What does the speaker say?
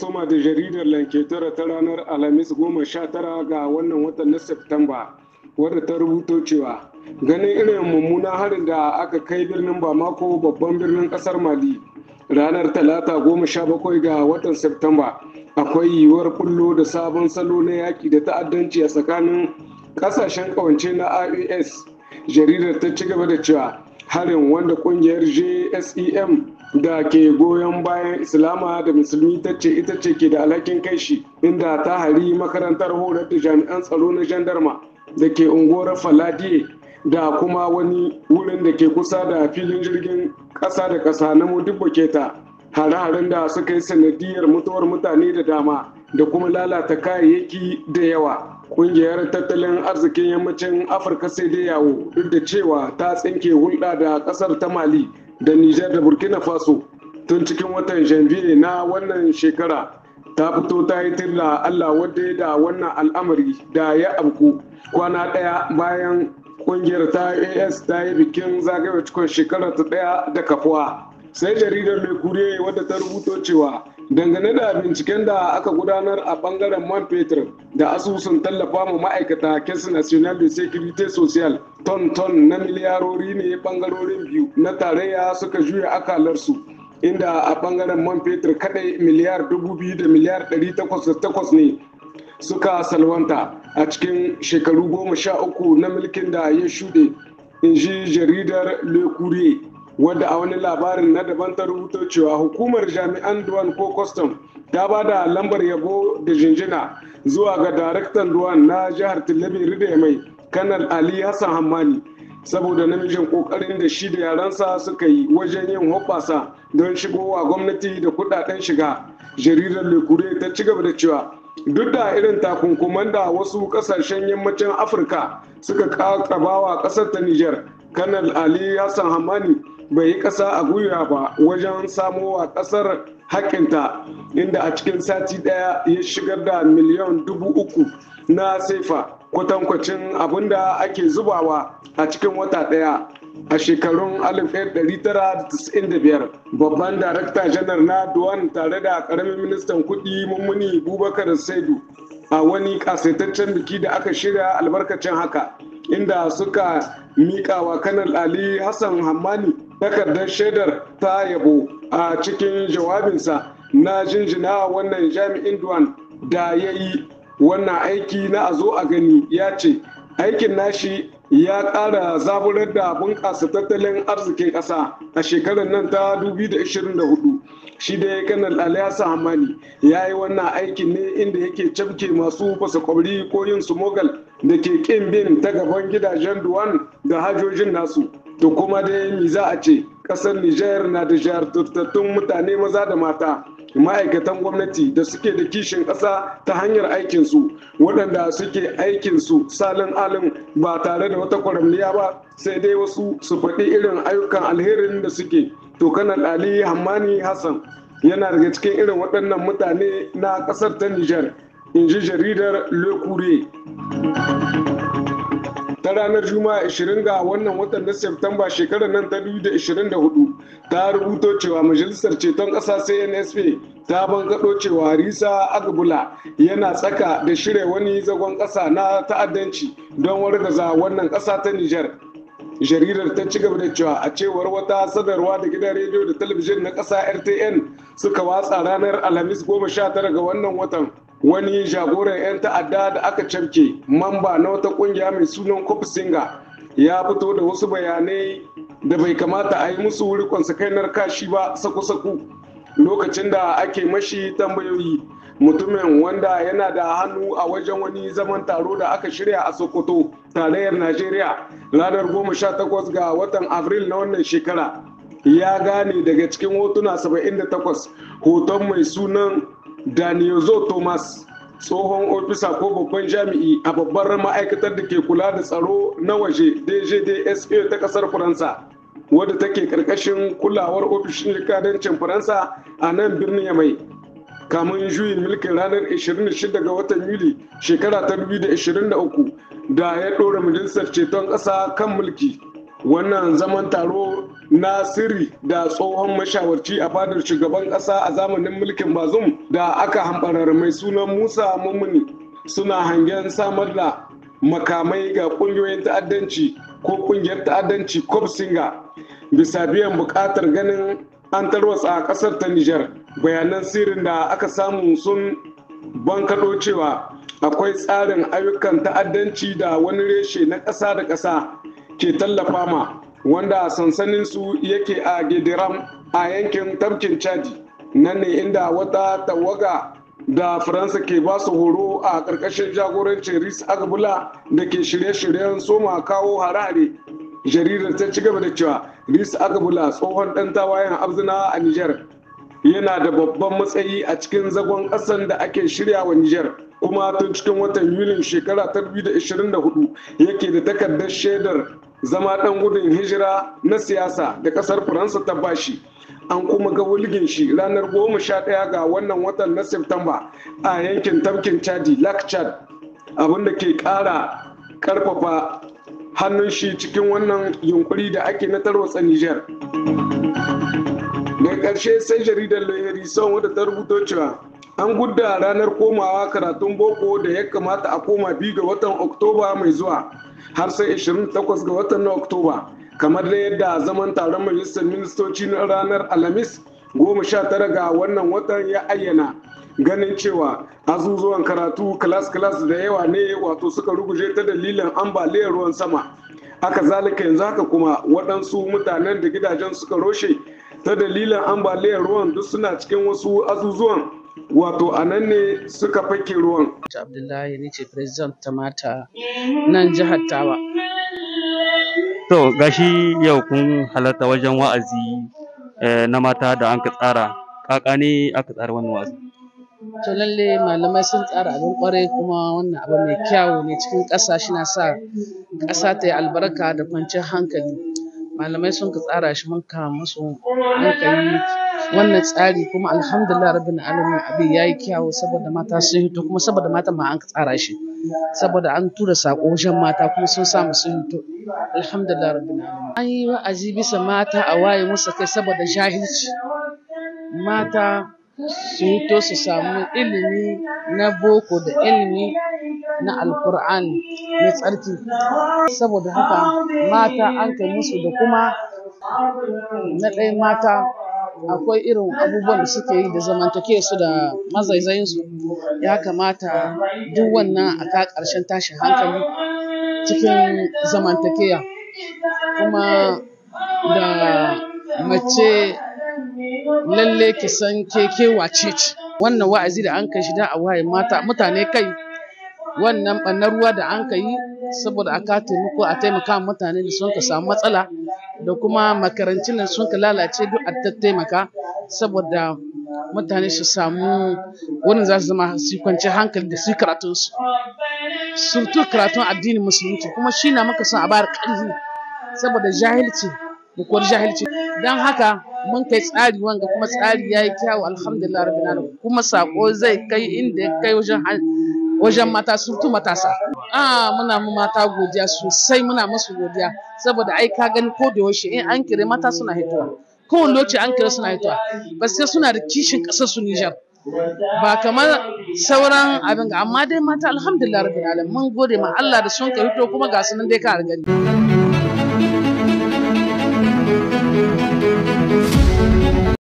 soma da jaridar lanketara ta ranar alhamis goma sha tara ga wannan watan na septamba wadda ta rubuto cewa ganin irin mummuna harin da aka kai birnin bamako babban birnin kasar mali ranar talata goma sha bakwai ga watan septamba akwai yiwuwar kullo da sabon salo na yaƙi da ta'addanci a tsakanin ƙasashen kawance na ias jaridar ta ci gaba da cewa harin wanda ƙungiyar JSEM. da ke goyon bayan islama da musulmi ta ce ita ce ke da alhakin kai shi inda ta hari makarantar horar da jami'an tsaro na jandarma da ke unguwar faladiye da kuma wani wurin da ke kusa da filin jirgin kasa da kasa na modibbo keta hare-haren da suka yi sanadiyar mutuwar mutane da dama da kuma lalata kayayyaki da yawa Ƙungiyar tattalin arzikin yammacin afirka sai dai yawo duk da cewa ta tsinke hulɗa da ƙasar ta mali da Nijar da Burkina Faso tun cikin watan janvier na wannan shekara ta fito ta yi tilla Allah wadda da wannan al'amari da ya abku kwana ɗaya bayan kungiyar ta AS ta yi bikin zagaya cikon shekara ta ɗaya da kafuwa. Sai jaridar mai kure wadda ta rubuto cewa dangane da binciken da aka gudanar a bangaren man fetur da asusun tallafa ma ma'aikata kes national de securite social ton-ton na miliyarori ne bangarorin biyu na tarayya suka juya akalarsu inda a bangaren man fetur kadai miliyar dubu biyu da miliyar ɗari takwas da takwas ne suka salwanta a cikin shekaru goma sha uku na mulkin da ya shuɗe in ji jaridar le courrier wadda a wani labarin na daban ta rubuta cewa hukumar jami'an duwan ko kwastam ta ba da lambar yabo da jinjina zuwa ga daraktan duwan na jihar tilabiri da mai kanal ali hassan hammani saboda namijin kokarin da shi da yaransa suka yi wajen yin hoɓasa don shigowa gwamnati da kudaden shiga jaridar lekure ta ci gaba da cewa duk da irin takunkuman da wasu kasashen yammacin afirka suka kakabawa kasar ta niger kanal ali hassan hamani bai yi kasa a gwiwa ba wajen samowa kasar haƙƙinta inda a cikin sati ɗaya ya shigar da miliyan dubu uku na sefa kwatankwacin abin da ake zubawa a cikin wata ɗaya a shekarun 1995 babban darakta janar na duwan tare da karamin ministan Kuɗi, mummuni bubakar saidu a wani kasaitaccen biki da aka shirya albarkacin haka inda suka miƙa wa kanar ali hassan hammani takardar shaidar ta yabo a cikin jawabinsa na jinjina wannan jami'in duwan da ya yi wannan aiki na a zo a gani ya ce aikin nashi ya ƙara zaburar da bunƙasa tattalin arzikin ƙasa a shekarar nan ta 2024 shi da ya kanar aliyasa hamani ya yi wannan aikin ne inda yake camke masu fasa kwabri ko yin su da ke ƙin bin ta gaban gidajen duwan da hajojin nasu da kuma dai mi za a ce ƙasar nijar na da jartattun mutane maza da mata ma'aikatan gwamnati da suke da kishin ƙasa ta hanyar aikinsu waɗanda suke aikinsu salin alin ba tare da wata kwaramniya ba sai dai wasu su faɗi irin ayyukan alherin da suke to kana ali hammani hassan yana daga cikin irin waɗannan mutane na ƙasar ta nijar in ji jaridar le ranar Juma'a 20 ga wannan watan na Septamba shekarar nan ta 2024 ta rubuto cewa Majalisar Ceton Ƙasa CNSP ta bangado cewa Risa Agbula yana tsaka da shirya wani zagon ƙasa na ta'addanci don wargaza wannan kasa ta Nijar. jaridar ta ci gaba da cewa a cewar wata sadarwa da gidan rediyo da talabijin na ƙasa rtn suka watsa ranar alhamis 19 ga wannan watan wani jagoran 'yan ta'adda da aka camke mamba na wata kungiya mai sunan Singa, ya fito da wasu bayanai da bai kamata a yi musu rikon sakainar kashi ba saku-saku lokacin da ake mashi tambayoyi mutumin wanda yana da hannu a wajen wani zaman taro da aka shirya a sokoto tarayyar najeriya ranar 18 ga watan afril na wannan shekara ya gane daga cikin hotuna 78 hoton mai sunan daniel thomas tsohon ofisa ko babban jami'i a babbar ma'aikatar da ke kula da tsaro na waje dgdsa ta kasar faransa wadda take karkashin kulawar ofishin jikadancin faransa a nan birnin yamai kamun juyin mulkin ranar 26 ga watan yuli shekara ta 2023 da ya ɗora majalisar ceton ƙasa kan mulki wannan zaman taro Nasiri da tsohon mashawarci a fadar shugaban ƙasa a zamanin mulkin Bazum da aka hambarar mai sunan Musa mummuni suna hangen samar da makamai ga ƙungiyoyin ta'addanci ko ƙungiyar ta'addanci singer bisa biyan buƙatar ganin an tarwatsa a ƙasar ta Nijar. Bayanan sirrin da aka samu sun bankaɗo cewa akwai tsarin ayyukan ta'addanci da wani reshe na ƙasa da ƙasa ke tallafa ma wanda sansaninsu yake a gidiram a yankin tafkin chadi nan ne inda wata tawaga da faransa ke ba su horo a ƙarƙashin jagorancin ris agbula da ke shirye-shiryen soma kawo harare jaridar ta ci gaba da cewa ris agbula tsohon ɗan tawayen abzina a niger yana da babban matsayi a cikin zagon ƙasan da ake shirya wa niger kuma tun cikin watan yulin shekara ta 2024 yake da takardar shaidar zama ɗan gudun hijira na siyasa da ƙasar faransa ta bashi an kuma ga wulgin shi ranar goma sha ɗaya ga wannan watan na September, a yankin tamkin chadi lak chad abinda ke ƙara ƙarfafa hannun shi cikin wannan yunkuri da ake na tarwatsa niger daga ƙarshe sai jaridar lahiri son wadda ta rubuto cewa an gudda ranar komawa karatun boko da ya kamata a koma biyu ga watan oktoba mai zuwa har sai 28 ga watan na oktoba kamar da yadda zaman taron majalisar ministoci na ranar alhamis goma sha tara ga wannan watan ya ayyana ganin cewa azuzuwan karatu kilas-kilas da yawa ne wato suka ruguje ta dalilin ambaliyar ruwan sama aka zalika yanzu haka kuma waɗansu mutanen da gidajen suka roshe ta dalilin ambaliyar ruwan duk suna cikin wasu azuzuwan wato a nan ne suka fake ruwan. Abdullahi ni ce president ta mata nan jihar Tawa. To gashi yau kun halarta wajen wa'azi eh, na mata da an ka tsara kaka ne aka tsara wannan wa'azi. To lalle malamai sun tsara abin kwarai kuma wannan abu mai kyau ne cikin ƙasa shi na sa ƙasa ta yi albarka da kwanciyar hankali. Malamai sun ka tsara shi mun kama musu hankali wannan tsari kuma alhamdulillah rabbil alamin abin yayi kyawu saboda mata sun hito kuma saboda mata ma an tsara shi saboda an tura sako wajen mata kuma sun samu sun hito alhamdulillah rabbil alamin an yi wa'azi bisa mata a waye musu kai saboda jahilci mata su hito su samu ilimi na boko da ilimi na Alkur'an mai tsarki saboda haka mata an kai musu da kuma na ɗaya mata akwai irin abubuwan da suke yi da zamantake su da mazaizayin su ya kamata duk wannan a ka ƙarshen tashin hankali cikin zamantakeya kuma da mace lalle ki san keke wace ce wannan wa'azi da an kai shi da a waye mata mutane kai wannan ɓannar ruwa da an ka yi saboda a ka taimako a taimaka mutane da sun ka samu matsala da kuma makarantun nan sun lalace duk a taimaka saboda mutane su samu wani za su zama su kwanci hankali da su karatun su surtu karatun addinin musulunci kuma shi na maka son a bayar ƙarfi saboda jahilci bukuwar jahilci don haka mun kai tsari wanga kuma tsari ya yi kyawu alhamdulillah rabbil alamin kuma sako zai kai inda ya kai wajen wajen mata surtu matasa a ah, muna mu mata godiya sosai muna musu godiya saboda ai ka gani ko da yaushe in an kire mata suna hitowa kowane lokaci an kire suna hitowa sai suna da kishin kasar su Nijar ba kamar sauran abin amma dai mata alhamdulillah rabbil alamin mun gode ma Allah da sun ka hito kuma ga sunan dai ka gani